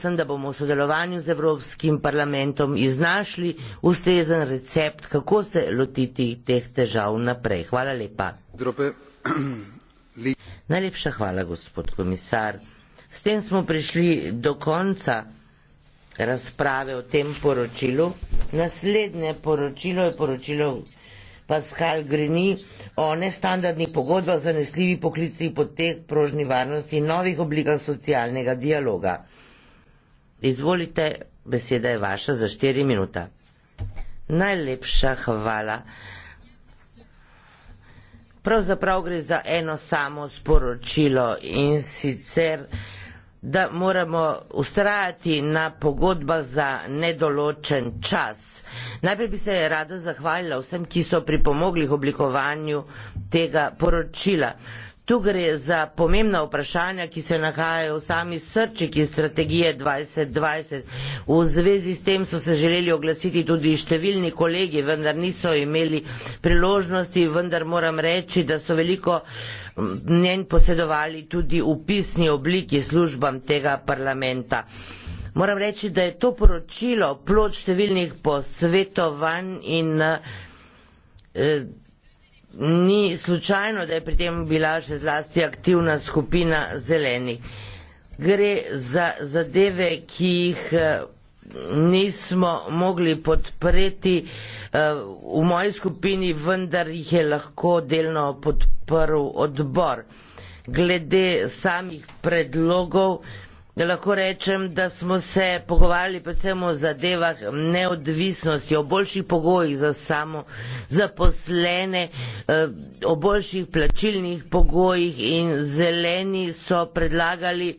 sem, da bomo v sodelovanju z Evropskim parlamentom iznašli ustrezen recept, kako se lotiti teh težav naprej. Hvala lepa. Najlepša hvala, gospod komisar. S tem smo prišli do konca razprave o tem poročilu. Naslednje poročilo je poročilo Pascal Greni o nestandardnih pogodbah, zanesljivi poklici po teh prožni varnosti in novih oblikah socialnega dialoga. Izvolite, beseda je vaša za 4 minuta. Najlepša hvala. Pravzaprav gre za eno samo sporočilo in sicer, da moramo ustrajati na pogodbah za nedoločen čas. Najprej bi se rada zahvalila vsem, ki so pripomogli k oblikovanju tega poročila. Tu gre za pomembna vprašanja, ki se nahajajo v sami srčiki strategije 2020. V zvezi s tem so se želeli oglasiti tudi številni kolegi, vendar niso imeli priložnosti, vendar moram reči, da so veliko mnen posedovali tudi v pisni obliki službam tega parlamenta. Moram reči, da je to poročilo plod številnih posvetovanj in eh, ni slučajno, da je pri tem bila še zlasti aktivna skupina zelenih. Gre za zadeve, ki jih eh, nismo mogli podpreti. Eh, v moji skupini vendar jih je lahko delno podprl odbor. Glede samih predlogov, lahko rečem, da smo se pogovarjali predvsem o zadevah neodvisnosti, o boljših pogojih za samo zaposlene, eh, o boljših plačilnih pogojih in zeleni so predlagali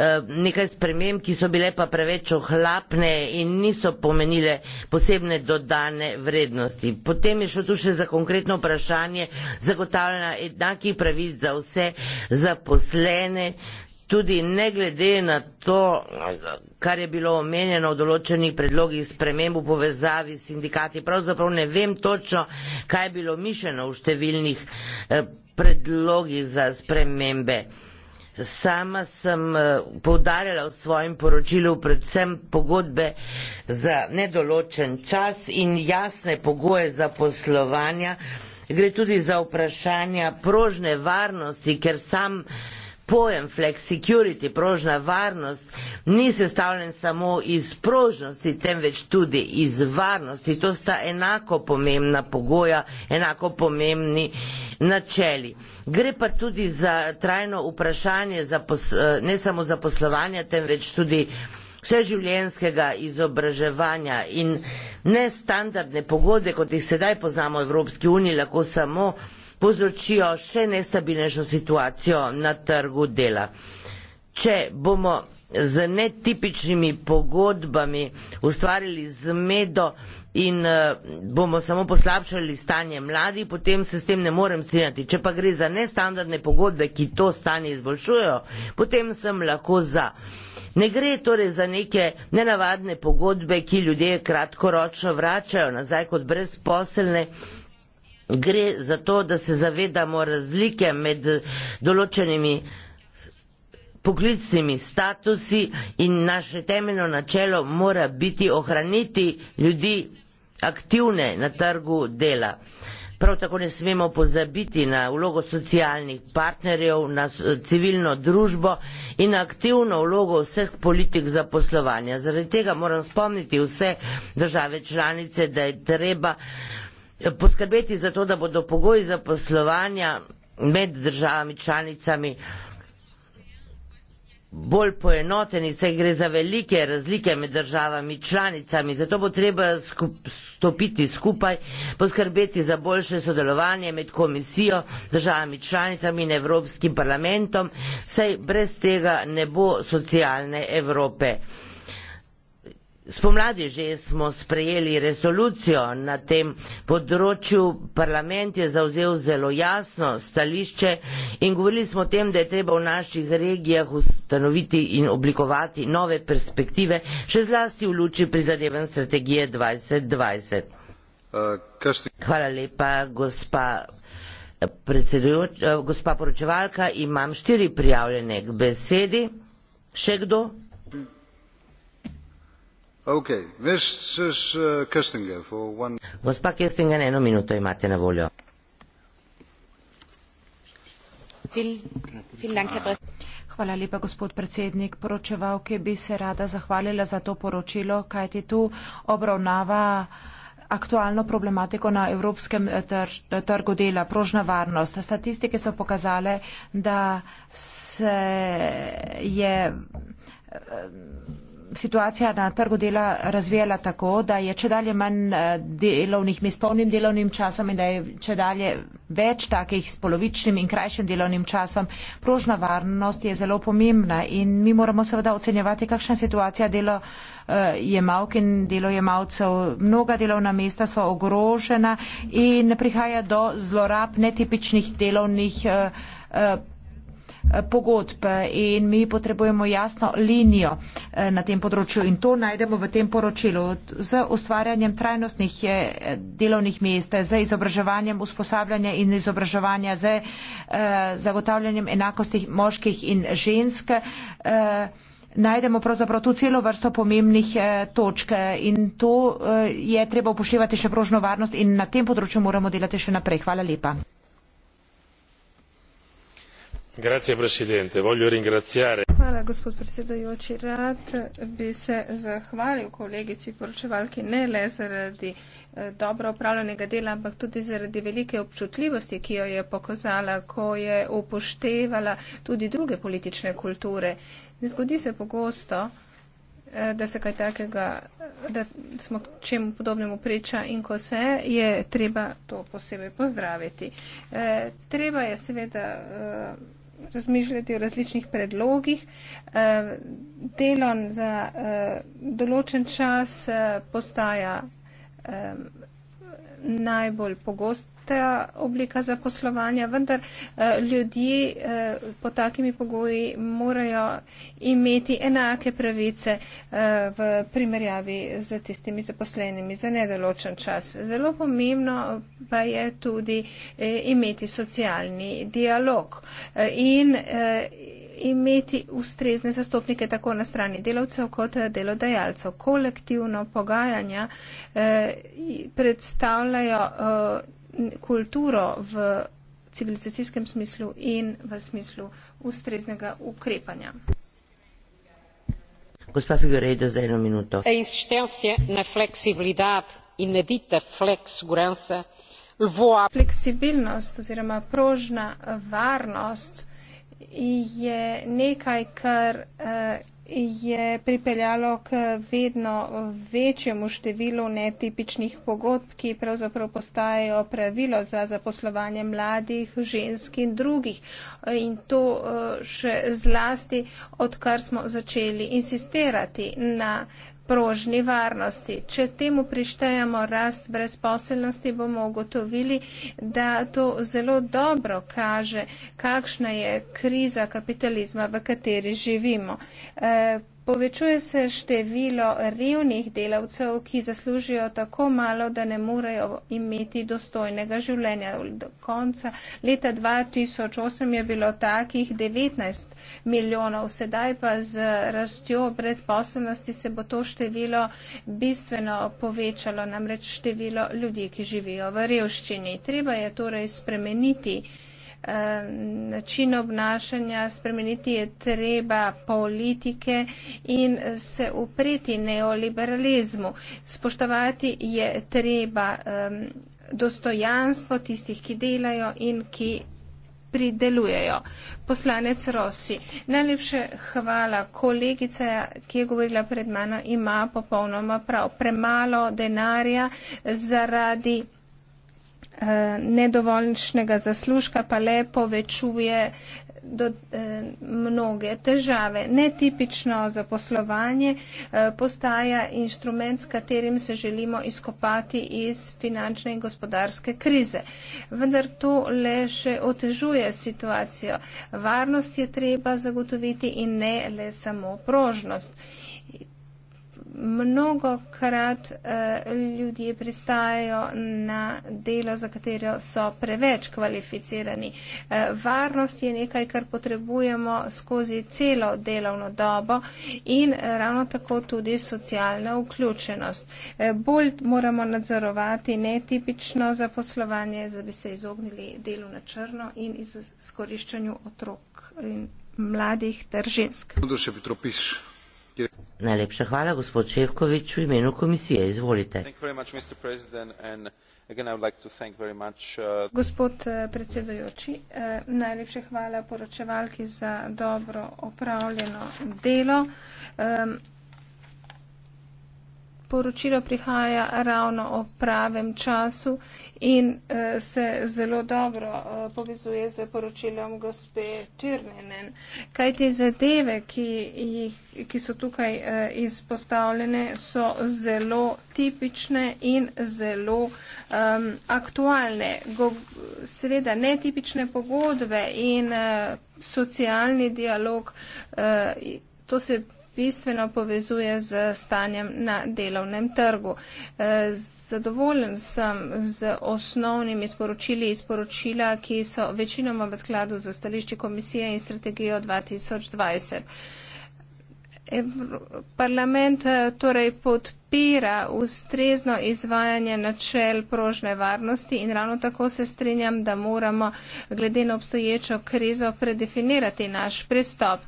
eh, nekaj sprememb, ki so bile pa preveč ohlapne in niso pomenile posebne dodane vrednosti. Potem je šlo tu še za konkretno vprašanje zagotavljanja enakih pravic za vse zaposlene, tudi ne glede na to, kar je bilo omenjeno v določenih predlogih sprememb v povezavi s sindikati, pravzaprav ne vem točno, kaj je bilo mišljeno v številnih eh, predlogih za spremembe. Sama sem eh, povdarjala v svojem poročilu predvsem pogodbe za nedoločen čas in jasne pogoje za poslovanja. Gre tudi za vprašanja prožne varnosti, ker sam pojem flex security, prožna varnost, ni sestavljen samo iz prožnosti, temveč tudi iz varnosti. To sta enako pomembna pogoja, enako pomembni načeli. Gre pa tudi za trajno vprašanje, za pos, eh, ne samo za poslovanje, temveč tudi vseživljenjskega izobraževanja in nestandardne pogode, kot jih sedaj poznamo v Evropski uniji, lahko samo povzročijo še nestabilnejšo situacijo na trgu dela. Če bomo z netipičnimi pogodbami ustvarili zmedo in uh, bomo samo poslabšali stanje mladih, potem se s tem ne morem strinjati. Če pa gre za nestandardne pogodbe, ki to stanje izboljšujejo, potem sem lahko za. Ne gre torej za neke nenavadne pogodbe, ki ljudje kratkoročno vračajo nazaj kot brezposelne. Uh, gre za to, da se zavedamo razlike med določenimi poklicnimi statusi in naše temeljno načelo mora biti ohraniti ljudi aktivne na trgu dela. Prav tako ne smemo pozabiti na vlogo socialnih partnerjev, na civilno družbo in na aktivno vlogo vseh politik za poslovanje. Zaradi tega moram spomniti vse države članice, da je treba poskrbeti za to, da bodo pogoji za poslovanja med državami članicami bolj poenoteni, saj gre za velike razlike med državami članicami. Zato bo treba skup, stopiti skupaj, poskrbeti za boljše sodelovanje med komisijo, državami članicami in Evropskim parlamentom, saj brez tega ne bo socialne Evrope. Spomladi že smo sprejeli resolucijo na tem področju, parlament je zauzel zelo jasno stališče in govorili smo o tem, da je treba v naših regijah ustanoviti in oblikovati nove perspektive, še zlasti v luči prizadevanj strategije 2020. Uh, kašti... Hvala lepa, gospa. Predsedujoč, gospa poročevalka, imam štiri prijavljene k besedi. Še kdo? Uh, Gospa Kirstinger, eno minuto imate na voljo. Hvala lepa, gospod predsednik. Poročevalke bi se rada zahvalila za to poročilo, kajti tu obravnava aktualno problematiko na evropskem eh, trgu dela, prožna varnost. Statistike so pokazale, da se je eh, situacija na trgu dela razvijala tako, da je če dalje manj eh, delovnih mest polnim delovnim časom in da je če dalje več takih s polovičnim in krajšim delovnim časom, prožna varnost je zelo pomembna in mi moramo seveda ocenjevati, kakšna situacija delo eh, jemalk in delojemalcev. Mnoga delovna mesta so ogrožena in prihaja do zlorab netipičnih delovnih eh, Eh, pogodb eh, in mi potrebujemo jasno linijo eh, na tem področju in to najdemo v tem poročilu. Z ustvarjanjem trajnostnih delovnih mest, z izobraževanjem usposabljanja in izobraževanja, z zagotavljanjem enakosti moških in žensk najdemo pravzaprav tu celo vrsto pomembnih točk in to je treba upoštevati še prožno varnost in na tem področju moramo delati še naprej. Hvala lepa gospod predsednik bi se zahvalil kolegici poročevalki ne le zaradi eh, dobro opravljenega dela ampak tudi zaradi velike občutljivosti ki jo je pokazala ko je v požarni situaciji na terenu upoštevala tudi druge politične kulture in tudi druge vidike pomagala pri reševanju teh težav. upam da bo v bodoče tudi tukaj v državnem zboru in na splošno pri delu evropskega parlamenta zgodi se pogosto eh, da se kaj takega da smo čemu podobnemu priča in ko se je treba to posebej pozdraviti. Eh, treba je seveda razmišljati o različnih predlogih. Eh, Delon za eh, določen čas eh, postaja najbolj pogost ta oblika zaposlovanja, vendar eh, ljudje eh, po takimi pogoji morajo imeti enake pravice eh, v primerjavi z tistimi zaposlenimi za nedoločen čas. Zelo pomembno pa je tudi imeti socialni dialog in imeti ustrezne zastopnike tako na strani delavcev kot delodajalcev. Kolektivno pogajanja predstavljajo kulturo v civilizacijskem smislu in v smislu ustreznega ukrepanja. Gospa Figueiredo, za eno minuto. Fleksibilnost oziroma prožna varnost je nekaj, kar eh, je pripeljalo k vedno večjemu številu netipičnih pogodb, ki pravzaprav postajajo pravilo za zaposlovanje mladih, žensk in drugih. In to eh, še zlasti, odkar smo začeli insistirati na prožni varnosti. Če temu prištejemo rast brezposelnosti, bomo ugotovili, da to zelo dobro kaže, kakšna je kriza kapitalizma, v kateri živimo. E, Povečuje se število revnih delavcev, ki zaslužijo tako malo, da ne morejo imeti dostojnega življenja. Do konca leta 2008 je bilo takih 19 milijonov, sedaj pa z rastjo brezposobnosti se bo to število bistveno povečalo, namreč število ljudi, ki živijo v revščini. Treba je torej spremeniti. Eh, način obnašanja, spremeniti je treba politike in se upreti neoliberalizmu. Spoštovati je treba um, dostojanstvo tistih, ki delajo in ki pridelujejo. Poslanec Rosi, najlepše hvala. Kolegica, ki je govorila pred mano, ima popolnoma prav. Premalo denarja zaradi Eh, nedovoljšnega zaslužka pa le povečuje do, eh, mnoge težave. Netipično zaposlovanje eh, postaja inštrument, s katerim se želimo izkopati iz finančne in gospodarske krize. Vendar to le še otežuje situacijo. Varnost je treba zagotoviti in ne le samo prožnost mnogo krat eh, ljudje pristajajo na delo, za katero so preveč kvalificirani. Eh, varnost je nekaj, kar potrebujemo skozi celo delovno dobo in ravno tako tudi socialna vključenost. Eh, bolj moramo nadzorovati netipično zaposlovanje, da bi se izognili delu na črno in izkoriščanju otrok in mladih ter žensk. Najlepša hvala, gospod Čevkovič, v imenu komisije. Izvolite. Uh, gospod eh, predsedujoči, eh, najlepša hvala poročevalki za dobro opravljeno delo poročilo prihaja ravno o pravem času in uh, se zelo dobro uh, povezuje z poročilom gospe Tyrnenen. Kaj te zadeve, ki, jih, ki so tukaj uh, izpostavljene, so zelo tipične in zelo um, aktualne. Go, seveda netipične pogodbe in uh, socialni dialog, uh, to se bistveno povezuje z stanjem na delovnem trgu. E, zadovoljen sem z osnovnimi sporočili iz poročila, ki so večinoma v skladu z stališči komisije in strategijo 2020. Parlament e, torej podpira ustrezno izvajanje načel prožne varnosti in ravno tako se strinjam, da moramo glede na obstoječo krizo predefinirati naš pristop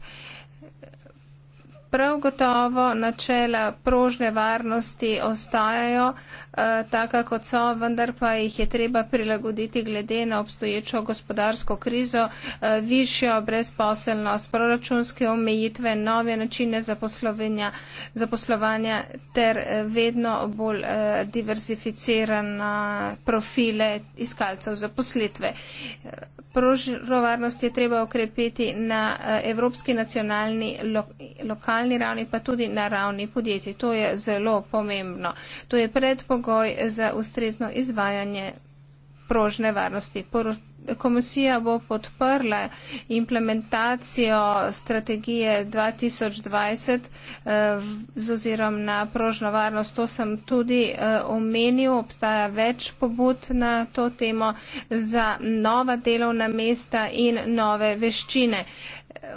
prav gotovo načela prožne varnosti ostajajo eh, taka, kot so, vendar pa jih je treba prilagoditi glede na obstoječo gospodarsko krizo, eh, višjo brezposelnost, proračunske omejitve, nove načine zaposlovanja ter eh, vedno bolj eh, diversificirane profile iskalcev zaposlitve. Prožno varnost je treba ukrepiti na eh, evropski nacionalni lo lokalni lokalni ravni, pa tudi na ravni podjetij. To je zelo pomembno. To je predpogoj za ustrezno izvajanje prožne varnosti. Komisija bo podprla implementacijo strategije 2020 eh, z ozirom na prožno varnost. To sem tudi eh, omenil. Obstaja več pobud na to temo za nova delovna mesta in nove veščine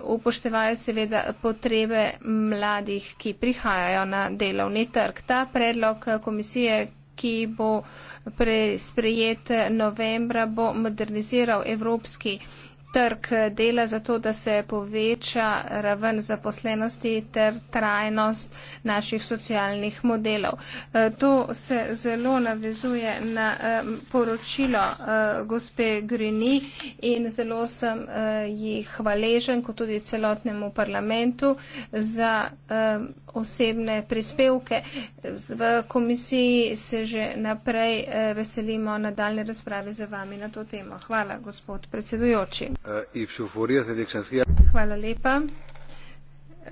upoštevajo seveda potrebe mladih, ki prihajajo na delovni trg. Ta predlog komisije, ki bo sprejet novembra, bo moderniziral evropski trg dela za to, da se poveča raven zaposlenosti ter trajnost naših socialnih modelov. E, to se zelo navezuje na e, poročilo e, gospe Grini in zelo sem jih hvaležen, kot tudi celotnemu parlamentu, za osebne prispevke. V komisiji se že naprej eh, veselimo nadaljne razprave za vami na to temo. Hvala, gospod predsedujoči. Eh, Hvala lepa.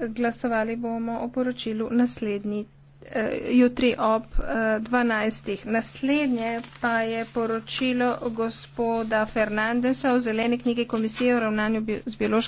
Glasovali bomo o poročilu naslednji eh, jutri ob 12. Naslednje pa je poročilo gospoda Fernandesa o zeleni knjigi komisije o ravnanju z biološkim.